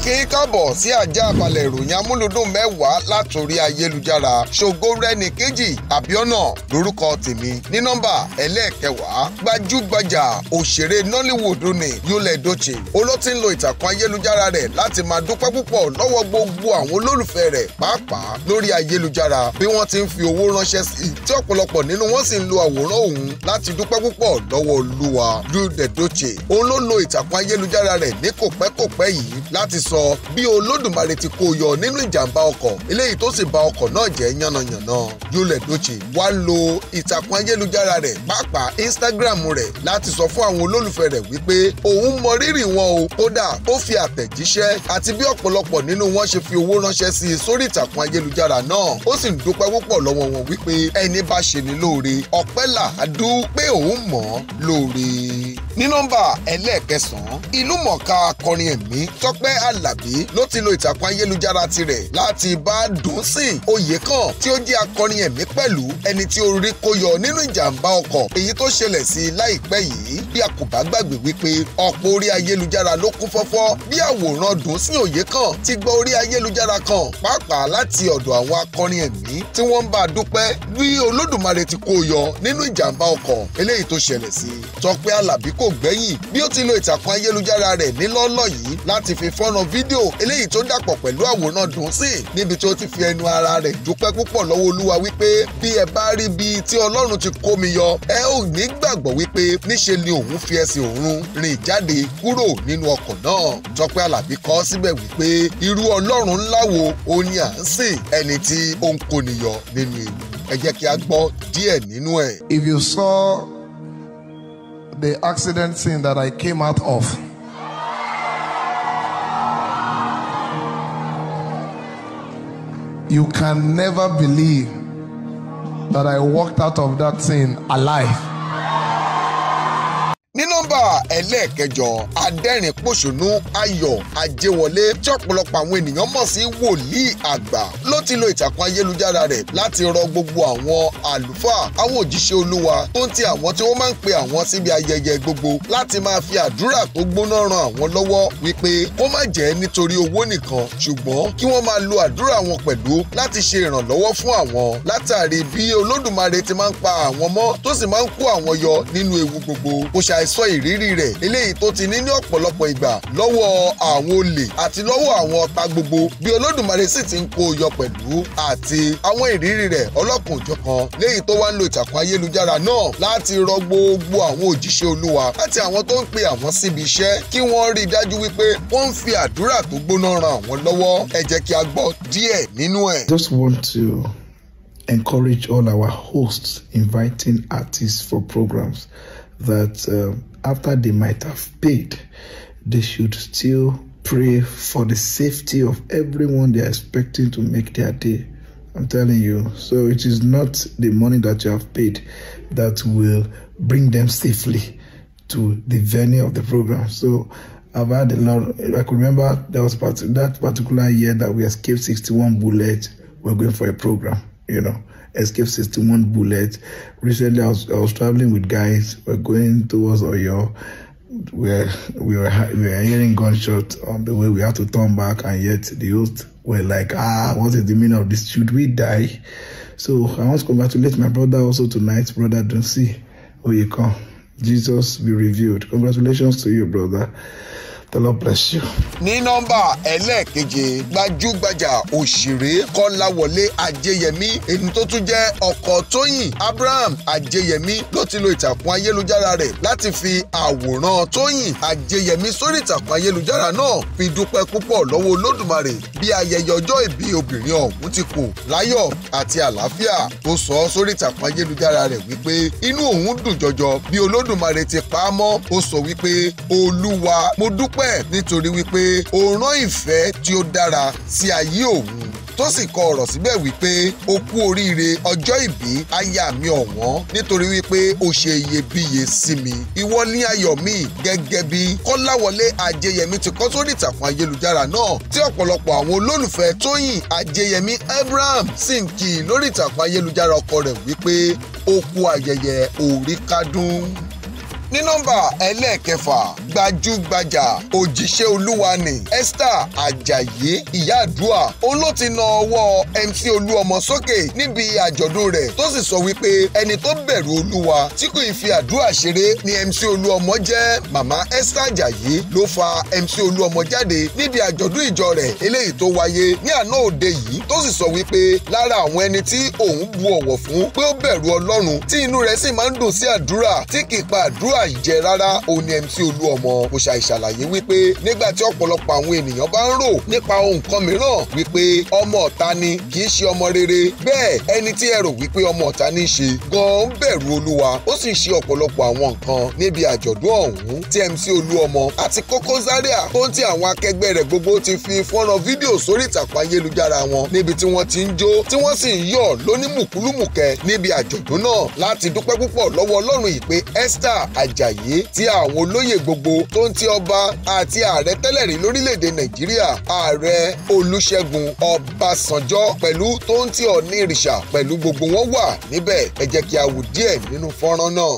kí í káàbọ̀ sí ajá balẹ̀ ìròyìn amúlùdùn mẹ́wàá látòrí ayélujára ṣògo rẹni kejì àbíọ́nà lórúkọ tèmi ní nọ́mbà ẹlẹ́ẹ̀kẹwàá gbajúgbajà òṣèré Nollywood ni Yul Edochie olótí ń lo ìtàkùn ayélujára rẹ̀ láti máa dúpẹ́ púpọ̀ lọ́wọ́ gbogbo àwọn olólùfẹ́ rẹ̀ pàápàá lórí ayélujára bí wọ́n ti ń fi owó ránṣẹ́ sí i tí ọ̀pọ̀lọpọ̀ nínú wọn sì ń lo àwòrán òun láti dúpẹ́ púpọ̀ lọ́wọ́ Olúwa Yul Edochie òun ló lo ìtàkùn ayélujára rẹ̀ ní kòpẹ́kòpẹ́ yìí láti sọ bí olódùmarè ti kó yọ nínú ìjàmbá ọkọ̀ eléyìí tó sì ba ọkọ̀ náà jẹ́ yánnayànna Yul Edochie wá lo ìtàkùn ayélujára rẹ̀ pàápàá Instagram rẹ̀ láti sọ fún àwọn olólùfẹ́ rẹ̀ wípé òun mọ rírì wọn o kódà ó fi àtẹ̀jíṣẹ́ àti bí ọ̀pọ̀lọpọ̀ nínú wọn ṣe fi owó ránṣẹ́ sí i sórí ìtàkùn ayélujára náà ó sì ń dúpẹ́ púpọ̀ lọ́wọ́ wọn wípé ẹni bá ṣe ní lóore ọpẹ́ là á òun mọ̀ lóore ní nọ́mbà ẹlẹ́ẹ̀kẹsàn-án ìlú mọ̀ọ́ká akọrin ẹ̀mí tọ́pẹ́ alábí ló ti lo ìtàkùn ayélujára tirẹ̀ láti bá dùnsìn oyèkàn tí ó jẹ́ akọrin ẹ̀mí pẹ̀lú ẹni tí orí kó yọ nínú ìjàmbá ọkọ̀ èyí tó ṣẹlẹ̀ sí láìpẹ́ yìí bí a kò bá gbàgbé wípé ọ̀pọ̀ orí ayélujára ló kún fọ́fọ́ bí àwòrán dùnsìn oyèkàn ti gba orí ayélujára kan pàápàá láti ọ̀dọ̀ àwọn akọrin ẹ̀mí tí wọ́n ń bá a dúpẹ́ bí olódùmarè ti kó yọ nínú ìjàmbá ọkọ̀ eléyìí tó ṣẹlẹ̀ sí tọ́pẹ́ alábí kò gbẹ̀yìn bí ó ti lo ìtàkùn ayélujára rẹ̀ nílọ́lọ́ yìí láti fi fọ́nrán fídíò eléyìí tó dàpọ̀ pẹ̀lú àwòrán Dùnsìn níbi tí ó ti fi ẹnu ara rẹ̀ dúpẹ́ púpọ̀ lọ́wọ́ Olúwa wípé bí ẹ bá rí bí tí Ọlọ́run ti kó mi yọ ẹ ò ní gbàgbọ́ wípé níṣe ni òun fi ẹsẹ̀ òun rìn jáde kúrò nínú ọkọ̀ náà Tọ́pẹ́ Àlàbí kọ síbẹ̀ wípé irú Ọlọ́run ńlá wo à ń sìn ẹni tí ó ń kóniyọ nínú ewu ẹ jẹ́ kí a gbọ́ díẹ̀ nínú ẹ̀. If you saw the accident scene that I came out of. You can never believe that I walked out of that scene alive. ẹlẹ́ẹ̀kẹjọ adẹ́rìn pòṣónú ayọ̀ ajéwọlé tí ọ̀pọ̀lọpọ̀ àwọn ènìyàn mọ̀ sí wòlíì àgbà ló ti lo ìtàkùn ayélujára rẹ̀ láti rọ gbogbo àwọn àlùfáà àwọn òjíṣẹ́ olúwa tó ń ti àwọn tí wọ́n máa ń pe àwọn síbi ayẹyẹ gbogbo láti máa fi àdúrà tó gbóná ran àwọn lọ́wọ́ wípé kó má jẹ́ nítorí owó nìkan ṣùgbọ́n kí wọ́n máa lo àdúrà wọn pẹ̀lú láti ṣe ìrànlọ́wọ́ fún àwọn látàrí bí olódùmarè ti máa ń pa àwọn mọ́ tó sì máa ń kó àwọn yọ nínú ewu gbogbo kò ṣàìsọ ìrírí rẹ̀ eléyìí tó ti ní ní ọ̀pọ̀lọpọ̀ ìgbà lọ́wọ́ àwọn olè àti lọ́wọ́ àwọn ọ̀tá gbogbo bí olódùmarè sì ti ń kó yọ pẹ̀lú àti àwọn ìrírí rẹ̀ ọlọ́kùn òjọ̀kan léyìí tó wá ń lo ìtàkùn ayélujára náà láti rọ gbogbo àwọn òjíṣẹ́ olúwa àti àwọn tó ń pe àwọn síbi iṣẹ́ kí wọ́n rí i dájú wípé wọ́n ń fi àdúrà tó gbóná ran àwọn lọ́wọ́ ẹ jẹ́ kí a gbọ́ díẹ̀ nínú ẹ̀. Just want to encourage all our hosts inviting artists for programs. that um, after they might have paid, they should still pray for the safety of everyone they are expecting to make their day. I'm telling you. So it is not the money that you have paid that will bring them safely to the venue of the program. So I've had a lot. I could remember there was part, that particular year that we escaped 61 bullets. We're going for a program, you know. Escape 61 Bullet. Recently, I was, I was traveling with guys. We're going towards Oyo. we we were we were hearing gunshots on the way. We had to turn back, and yet the youth were like, "Ah, what is the meaning of this? Should we die?" So I want to congratulate my brother also tonight, brother Don't see where you come. Jesus be revealed. Congratulations to you, brother. The Lord bless you. ní nọ́mbà ẹlẹ́ẹ̀keje gbajúgbajà òṣèré kọ́láwọlé ajẹyẹmí ẹni tó tún jẹ́ ọkọ tóyìn abraham ajẹyẹmí ló ti lo ìtàkùn ayélujára rẹ̀ láti fi àwòrán tóyìn ajẹyẹmí sórí ìtàkùn ayélujára náà fi dúpẹ́ púpọ̀ lọ́wọ́ olódùmarè bí ayẹyẹ ọjọ́ ìbí obìnrin ọ̀hún ti kù láyọ̀ àti àlàáfíà tó sọ sórí ìtàkùn ayélujára rẹ̀ wípé inú òun dùn jọjọ bí olódùmarè ti pa á mọ́ ó sọ wípé olúwa mo dúpẹ́ dúpẹ́ nítorí wípé òòrùn ìfẹ́ tí ó dára sí ayé òun tó sì kọ ọ̀rọ̀ síbẹ̀ wípé o kú oríire ọjọ́ ìbí aya mi ọ̀wọ́n nítorí wípé o ṣe iyebíye sí mi. ìwọ ní ayọ̀ mi gẹ́gẹ́ bí kọ́láwọlé ajẹyẹmí ti kọ́ sórí ìtàkùn ayélujára náà tí ọ̀pọ̀lọpọ̀ àwọn olólùfẹ́ tóyìn ajẹyẹmí abraham sì ń kí i lórí ìtàkùn ayélujára ọkọ rẹ̀ wípé o kú ayẹyẹ orí kádùn ní nọ́mbà ẹlẹ́ẹ̀kẹfà gbajúgbajà òjíṣẹ́ olúwa ni Esther Ajayi ìyáàdúà òun ló ti na ọwọ́ MC Olúọmọ sókè níbi àjọ̀dún rẹ̀ tó sì sọ wípé ẹni tó bẹ̀rù olúwa tí kò ì fi àdúrà ṣeré ni MC Olúọmọ jẹ́ màmá Esther Ajayi ló fa MC Olúọmọ jáde níbi àjọ̀dún ìjọ rẹ̀ eléyìí tó wáyé ní àná òde yìí tó sì sọ wípé lára àwọn ẹni tí òun bu ọ̀wọ̀ fún pé ó bẹ̀rù ọlọ́run tí inú rẹ̀ sì máa ń dùn sí àdúrà tí kì pa àdúrà àìjẹ rárá òun ni MC Olúọmọ kò ṣàì ṣàlàyé wípé nígbà tí ọ̀pọ̀lọpọ̀ àwọn ènìyàn bá ń rò nípa ohun kan mìíràn wípé ọmọ ọ̀tá ni kì í ṣe ọmọ rere bẹ́ẹ̀ ẹni tí ẹ rò wípé ọmọ ọ̀tá ní í ṣe gan-an bẹ̀rù olúwa ó sì ṣe ọ̀pọ̀lọpọ̀ àwọn nǹkan níbi àjọ̀dún ọ̀hún tí MC Olúọmọ àti Koko Zaria tó ń ti àwọn akẹgbẹ́ rẹ̀ gbogbo ti fi fọ́nrán fídíò sórí ìtàkùn ayélujára wọn níbi tí wọ́n ti ń jó tí wọ́n sì ń yọ̀ lónímùkúlùmùkẹ́ níbi àjọ̀dún náà láti dúpẹ́ púpọ̀ lọ́wọ́ ọlọ́run ìpè Esther aj Àjàyí ti àwọn olóyè gbogbo tó ń ti ọba àti ààrẹ tẹ́lẹ̀ rí lórílẹ̀‐èdè Nàìjíríà ààrẹ Olúṣẹ́gun Ọbásanjọ́ pẹ̀lú tó ń ti Ọ̀ọ̀ni ìrìṣà pẹ̀lú gbogbo wọn wà níbẹ̀ ẹ jẹ́ kí a wò díẹ̀ nínú fọ́nrán náà.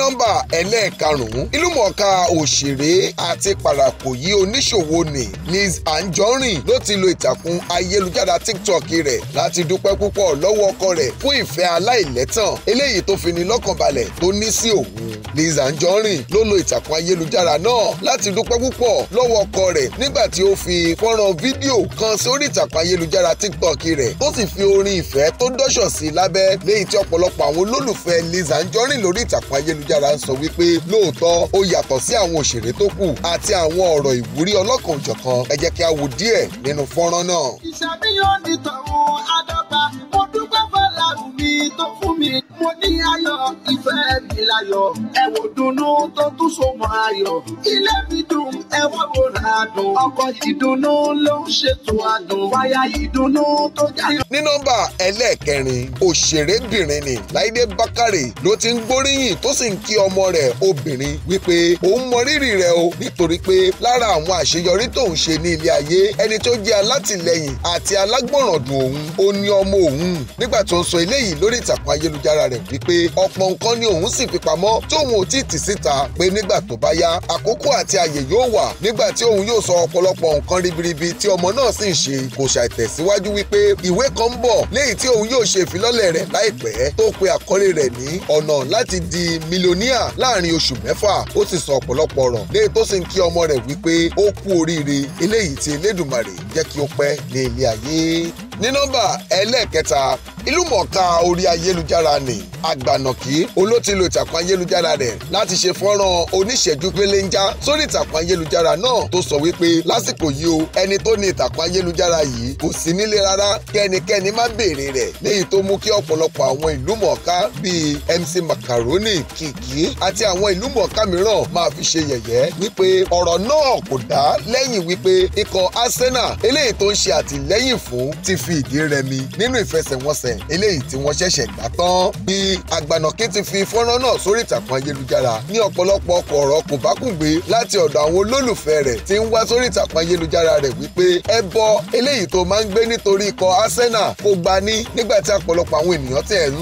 nọ́mbà ẹlẹ́ẹ̀karùn-ún ìlúmọ̀ọ́ká òṣèré àti pàràkòyí oníṣòwò nì Liz Anjorin ló ti lo ìtàkùn ayélujára TikTok rẹ̀ láti dúpẹ́ púpọ̀ lọ́wọ́ ọkọ rẹ̀ fún ìfẹ́ aláìlẹ́tàn eléyìí tó fi ní lọ́kànbalẹ̀ tó ní sí òun Liz Anjorin ló lo ìtàkùn ayélujára náà láti dúpẹ́ púpọ̀ lọ́wọ́ ọkọ rẹ̀ nígbà tí ó fi fọ́nrán fídíò kan sórí ìtàkùn ayélujára TikTok rẹ̀ tó sì fi orin ìfẹ́ tó dọ́ṣọ̀ sí lábẹ́ léyìí tí ọ̀pọ̀lọpọ̀ àwọn olólùfẹ́ Liz Anjorin lórí ìtàkùn ayélujára ayélujára ń sọ wípé lóòótọ́ ó yàtọ̀ sí àwọn òṣèré tó kù àti àwọn ọ̀rọ̀ ìwúrí ọlọ́kan òjọ̀kan ẹ jẹ́ kí a wo díẹ̀ nínú fọ́nrán náà. ìṣàbíyàn ní tọ̀hún adọ́ba mo dúpẹ́ fọ́lá mi tó fún mi mo ní ayé ìfẹ́ mi láyọ̀ ẹ wò dùnnú tó tún so mọ́ ayọ̀ ilé mi dùn ẹ wá wò ràdùn ọkọ̀ ìdùnnú ló ń ṣètò àdùn wáyà ìdùnnú tó jáyọ̀. ní nọ́mbà ẹlẹ́ẹ̀kẹrin òṣèrébìnrin ni Láìdé Bákàrè ló ti ń gbóríyìn tó sì ń kí ọmọ rẹ̀ obìnrin wípé òun mọrírì rẹ̀ o nítorí pé lára àwọn àṣeyọrí tóun ṣe ní ilé ayé ẹni tó jẹ́ alátìlẹyìn àti alágbọ̀ràndùn òun ó ní ọmọ òun nígbà tó ń sọ eléyìí lórí ìtàkùn ayélujára rẹ̀ wípé ọk ọ̀pọ̀ nǹkan ni òun sì fi pamọ́ tóun ò tí ì tì síta pé nígbà tó bá yá àkókò àti àyè yóò wà nígbà tí òun yóò sọ ọ̀pọ̀lọpọ̀ nǹkan ribiribi tí ọmọ náà sì ń ṣe kò ṣàìtẹ̀síwájú wípé ìwé kan ń bọ̀ léyìí tí òun yóò ṣe ìfilọ́lẹ̀ rẹ̀ láìpẹ́ tó pe àkọlé rẹ̀ ní ọ̀nà láti di mílíọ̀níà láàrin oṣù mẹ́fà ó sì sọ ọ̀pọ̀lọpọ̀ ọ̀rọ̀ léyìí tó sì ń kí ọmọ rẹ̀ wípé ó kú oríire eléyìí tí Elédùmarè jẹ́ kí ó pẹ́ ní ilé ayé ní nọ́mbà ẹlẹ́ẹ̀kẹta ìlúmọ̀ọ́ká orí ayélujára ni àgbànàkí olótìlò ìtàkùn ayélujára rẹ̀ láti ṣe fọ́nrán oníṣẹ́jú pélénjá sórí ìtàkùn ayélujára náà tó sọ wípé lásìkò yìí o ẹni tó ní ìtàkùn ayélujára yìí kò sí nílé rárá kí ẹnikẹ́ni má béèrè rẹ̀ léyìí tó mú kí ọ̀pọ̀lọpọ̀ àwọn ìlúmọ̀ọ́ká bíi MC Macaroni Kìkì àti àwọn ìlúmọ̀ọ́ká mìíràn máa fi ṣe yẹ̀yẹ́ wípé ọ̀rọ̀ náà kò dá lẹ́yìn wípé ikọ̀ Arsenal eléyìí tó ń ṣe àtìlẹ́yìn fún ti fi ìdí rẹmi nínú ìfẹsẹ̀wọnsẹ̀ eléyìí tí wọ́n ṣẹ̀ṣẹ̀ gbà tán bí agbanàkí ti fi fọ́nrán náà sórí ìtàkùn ayélujára ní ọ̀pọ̀lọpọ̀ ọkọ̀ ọ̀rọ̀ kò bá kùn gbé láti ọ̀dọ̀ àwọn olólùfẹ́ rẹ̀ tí ń wá sórí ìtàkùn ayélujára rẹ̀ wípé ẹbọ eléyìí tó máa ń gbé nítorí ikọ̀ Arsenal kò gba ní nígbà tí ọ̀pọ̀lọpọ̀ àwọn ènìyàn tẹ̀ ń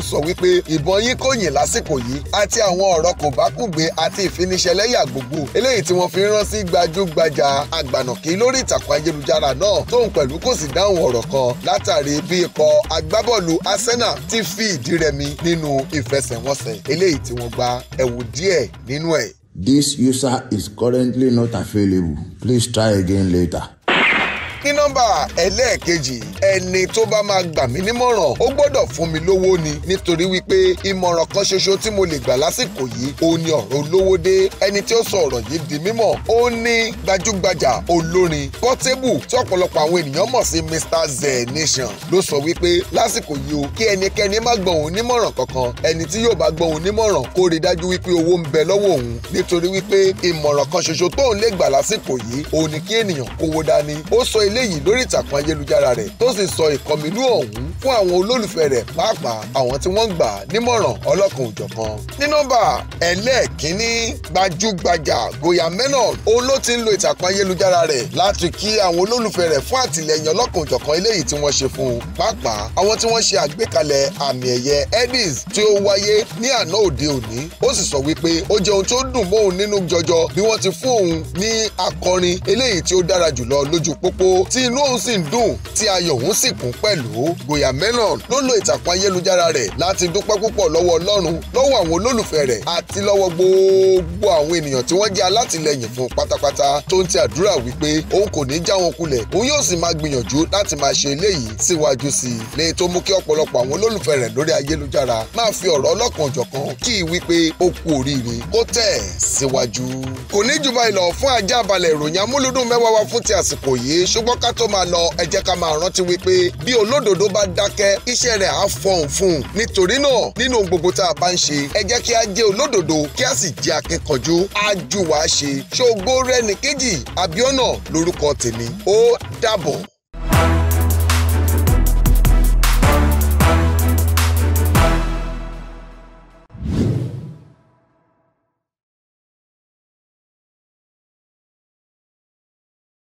látàrí bí ikọ̀ agbábọ́ọ̀lù Arsenal ti fi ìdí rẹmi nínú ìfẹsẹ̀wọnsẹ̀ eléyìí tí wọ́n gba ẹ̀wù díẹ̀ nínú ẹ̀. This user is currently not available. Please try again later. ní nọ́mbà ẹlẹ́ẹ̀kejì ẹni tó bá máa gbà mí nímọ̀ràn ó gbọ́dọ̀ fún mi lówó ni nítorí wípé ìmọ̀ràn kan ṣoṣo tí mo lè gbà lásìkò yìí ó ní ọ̀rọ̀ olówó dé ẹni tí ó sọ ọ̀rọ̀ yìí di mímọ̀ ó ní gbajúgbajà olórin Portable tí ọ̀pọ̀lọpọ̀ àwọn ènìyàn mọ̀ sí Mr Zenation ló sọ wípé lásìkò yìí o kí ẹnikẹ́ni má gbọ̀n òun nímọ̀ràn kankan ẹni tí yóò bá gbọ̀n òun nímọ̀ràn kó rí dájú wípé owó ń bẹ lọ́wọ́ òun nítorí wípé ìmọ̀ràn kan ṣoṣo tóun lè gbà lásìkò yìí òun ni kí ènìyàn kówó dání ó sọ eléyìí lórí ìtàkùn ayélujára rẹ̀ tó sì sọ ìkọminú ọ̀hún fún àwọn olólùfẹ́ rẹ̀ pàápàá àwọn tí wọ́n gbà nímọ̀ràn ọlọ́kan òjọ̀kan. ní nọ́mbà ẹlẹ́ẹ̀kínní gbajúgbajà goya menor òun ló ti ń lo ìtàkùn ayélujára rẹ̀ láti kí àwọn olólùfẹ́ rẹ̀ fún àtìlẹyìn ọlọ́kan òjọ̀kan eléyìí tí wọ́n ṣe fún un pàápàá àwọn tí wọ́n ṣe àgbékalẹ̀ àmì ẹ̀yẹ edis tí ó wáyé ní àná òde òní ó sì sọ wípé ó jẹ ohun tó dùn mọ́hun nínú jọjọ bí wọ́n ti fún òun ní akọrin eléyìí tí ó dára jùlọ lójú pópó tí inú òun sì ń dùn tí ayọ̀ ọ̀hún sì kún pẹ̀lú. Gòyà Menon ló lo ìtàkùn ayélujára rẹ̀ láti dúpẹ́ púpọ̀ lọ́wọ́ Ọlọ́run lọ́wọ́ àwọn olólùfẹ́ rẹ̀ àti lọ́wọ́ gbogbo àwọn ènìyàn tí wọ́n jẹ́ alátìlẹyìn fún pátápátá tó ń ti àdúrà wípé òun kò ní já wọn kulẹ̀ òun yóò sì máa gbìyànjú láti máa ṣe eléyìí síwájú sí i lẹ́yìn tó mú kí ọ̀pọ̀lọpọ̀ àwọn olólùfẹ́ rẹ̀ lórí ayélujára máa fi ọ̀rọ̀ ọlọ́kan jọ̀kan kí i wípé ó kú oríire kó tẹ̀ síwájú. kò ní jù bá ìlọ fún ajá balẹ̀ ìròyìn amúlùdùn mẹ́wàá wa fún ti àsìkò yìí ṣùgbọ́n ká tó máa lọ ẹ ká máa rántí w wípé bí olódodo bá dákẹ́ iṣẹ́ rẹ̀ á fọhùn fún un nítorí náà nínú ohun gbogbo tá a bá ń ṣe ẹ jẹ́ kí a jẹ́ olódodo kí a sì jẹ́ akínkanjú á jù wá ṣe ṣògo rẹ̀ nìkejì Abíọ́nà lórúkọ tèmi ó dàbọ̀.